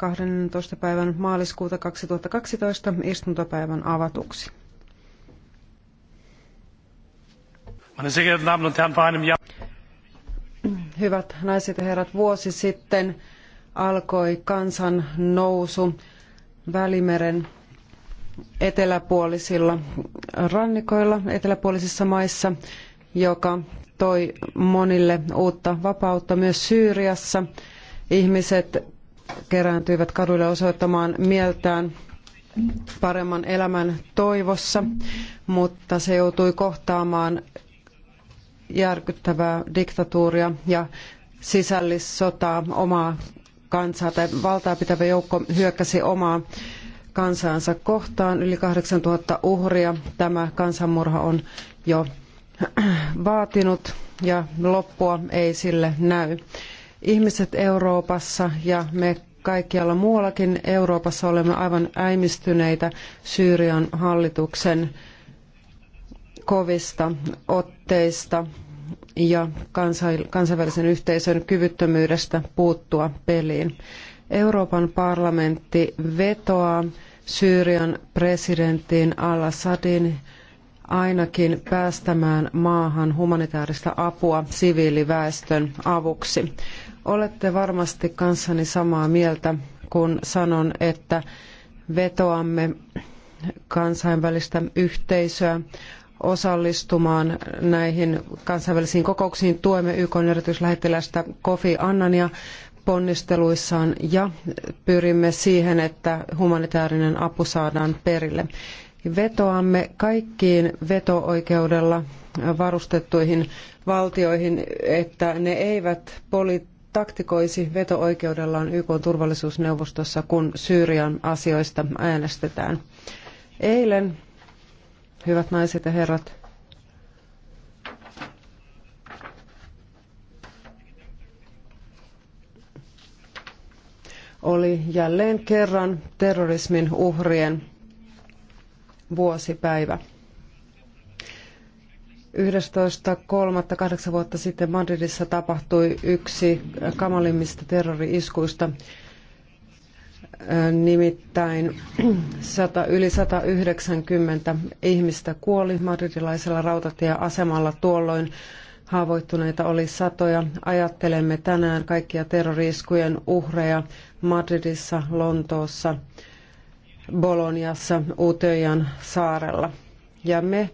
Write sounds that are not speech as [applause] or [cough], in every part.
12. päivän maaliskuuta 2012 istuntopäivän avatuksi. Hyvät naiset ja herrat, vuosi sitten alkoi kansan nousu Välimeren eteläpuolisilla rannikoilla, eteläpuolisissa maissa, joka toi monille uutta vapautta myös Syyriassa ihmiset kerääntyivät kaduille osoittamaan mieltään paremman elämän toivossa, mutta se joutui kohtaamaan järkyttävää diktatuuria ja sisällissotaa omaa kansaa tai valtaa pitävä joukko hyökkäsi omaa kansaansa kohtaan. Yli 8000 uhria tämä kansanmurha on jo [clears throat] vaatinut ja loppua ei sille näy. Ihmiset Euroopassa ja me kaikkialla muuallakin Euroopassa olemme aivan äimistyneitä Syyrian hallituksen kovista otteista ja kansainvälisen yhteisön kyvyttömyydestä puuttua peliin. Euroopan parlamentti vetoaa Syyrian presidenttiin al-Assadin ainakin päästämään maahan humanitaarista apua siviiliväestön avuksi. Olette varmasti kanssani samaa mieltä, kun sanon, että vetoamme kansainvälistä yhteisöä osallistumaan näihin kansainvälisiin kokouksiin. Tuemme YK erityislähettilästä Kofi Annania ponnisteluissaan ja pyrimme siihen, että humanitaarinen apu saadaan perille. Vetoamme kaikkiin veto-oikeudella varustettuihin valtioihin, että ne eivät poli- taktikoisi veto-oikeudellaan YK turvallisuusneuvostossa, kun Syyrian asioista äänestetään. Eilen, hyvät naiset ja herrat, oli jälleen kerran terrorismin uhrien vuosipäivä. 11.3.8 vuotta sitten Madridissa tapahtui yksi kamalimmista terrori-iskuista, nimittäin 100, yli 190 ihmistä kuoli madridilaisella rautatieasemalla tuolloin. Haavoittuneita oli satoja. Ajattelemme tänään kaikkia terroriiskujen uhreja Madridissa, Lontoossa, Boloniassa Utöjan saarella. Ja me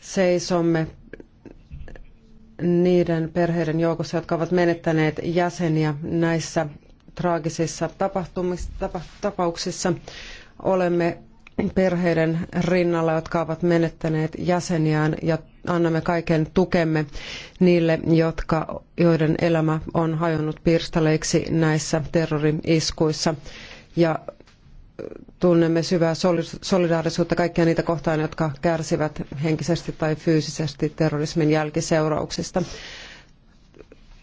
seisomme niiden perheiden joukossa, jotka ovat menettäneet jäseniä näissä traagisissa tapauksissa. Olemme perheiden rinnalla, jotka ovat menettäneet jäseniään ja annamme kaiken tukemme niille, jotka, joiden elämä on hajonnut pirstaleiksi näissä terrori iskuissa. Ja tunnemme syvää solidaarisuutta kaikkia niitä kohtaan, jotka kärsivät henkisesti tai fyysisesti terrorismin jälkiseurauksista.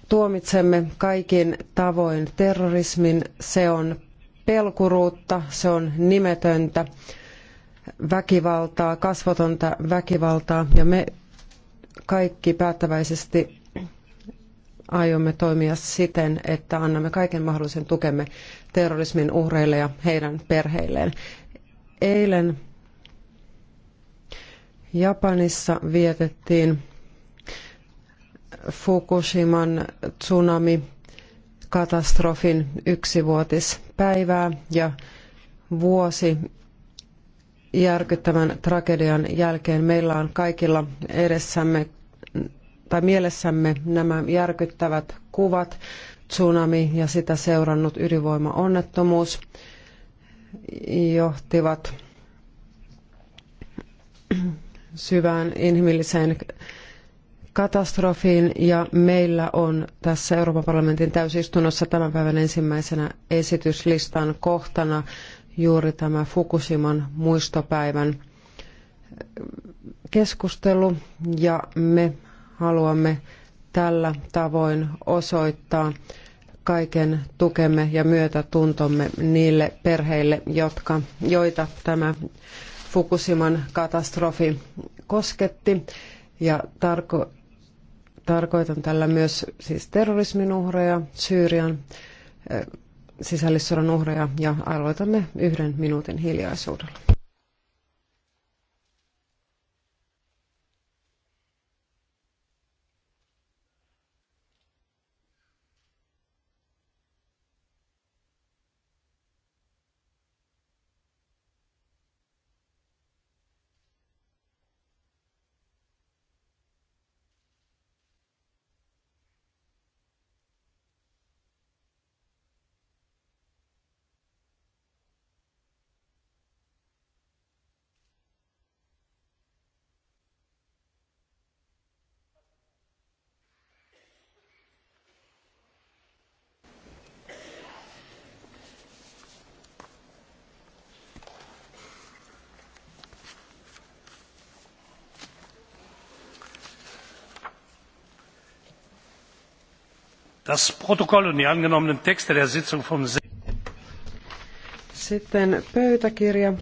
Tuomitsemme kaikin tavoin terrorismin. Se on pelkuruutta, se on nimetöntä väkivaltaa, kasvotonta väkivaltaa ja me kaikki päättäväisesti aiomme toimia siten, että annamme kaiken mahdollisen tukemme terrorismin uhreille ja heidän perheilleen. Eilen Japanissa vietettiin Fukushiman tsunami katastrofin yksivuotispäivää ja vuosi järkyttävän tragedian jälkeen meillä on kaikilla edessämme tai mielessämme nämä järkyttävät kuvat, tsunami ja sitä seurannut ydinvoimaonnettomuus johtivat syvään inhimilliseen katastrofiin ja meillä on tässä Euroopan parlamentin täysistunnossa tämän päivän ensimmäisenä esityslistan kohtana juuri tämä Fukushiman muistopäivän keskustelu ja me haluamme tällä tavoin osoittaa kaiken tukemme ja myötätuntomme niille perheille, jotka, joita tämä Fukushiman katastrofi kosketti. Ja tarko, tarkoitan tällä myös siis terrorismin uhreja, Syyrian eh, sisällissodan uhreja ja aloitamme yhden minuutin hiljaisuudella. Das Protokoll und die angenommenen Texte der Sitzung vom Sitten pöytäkirja.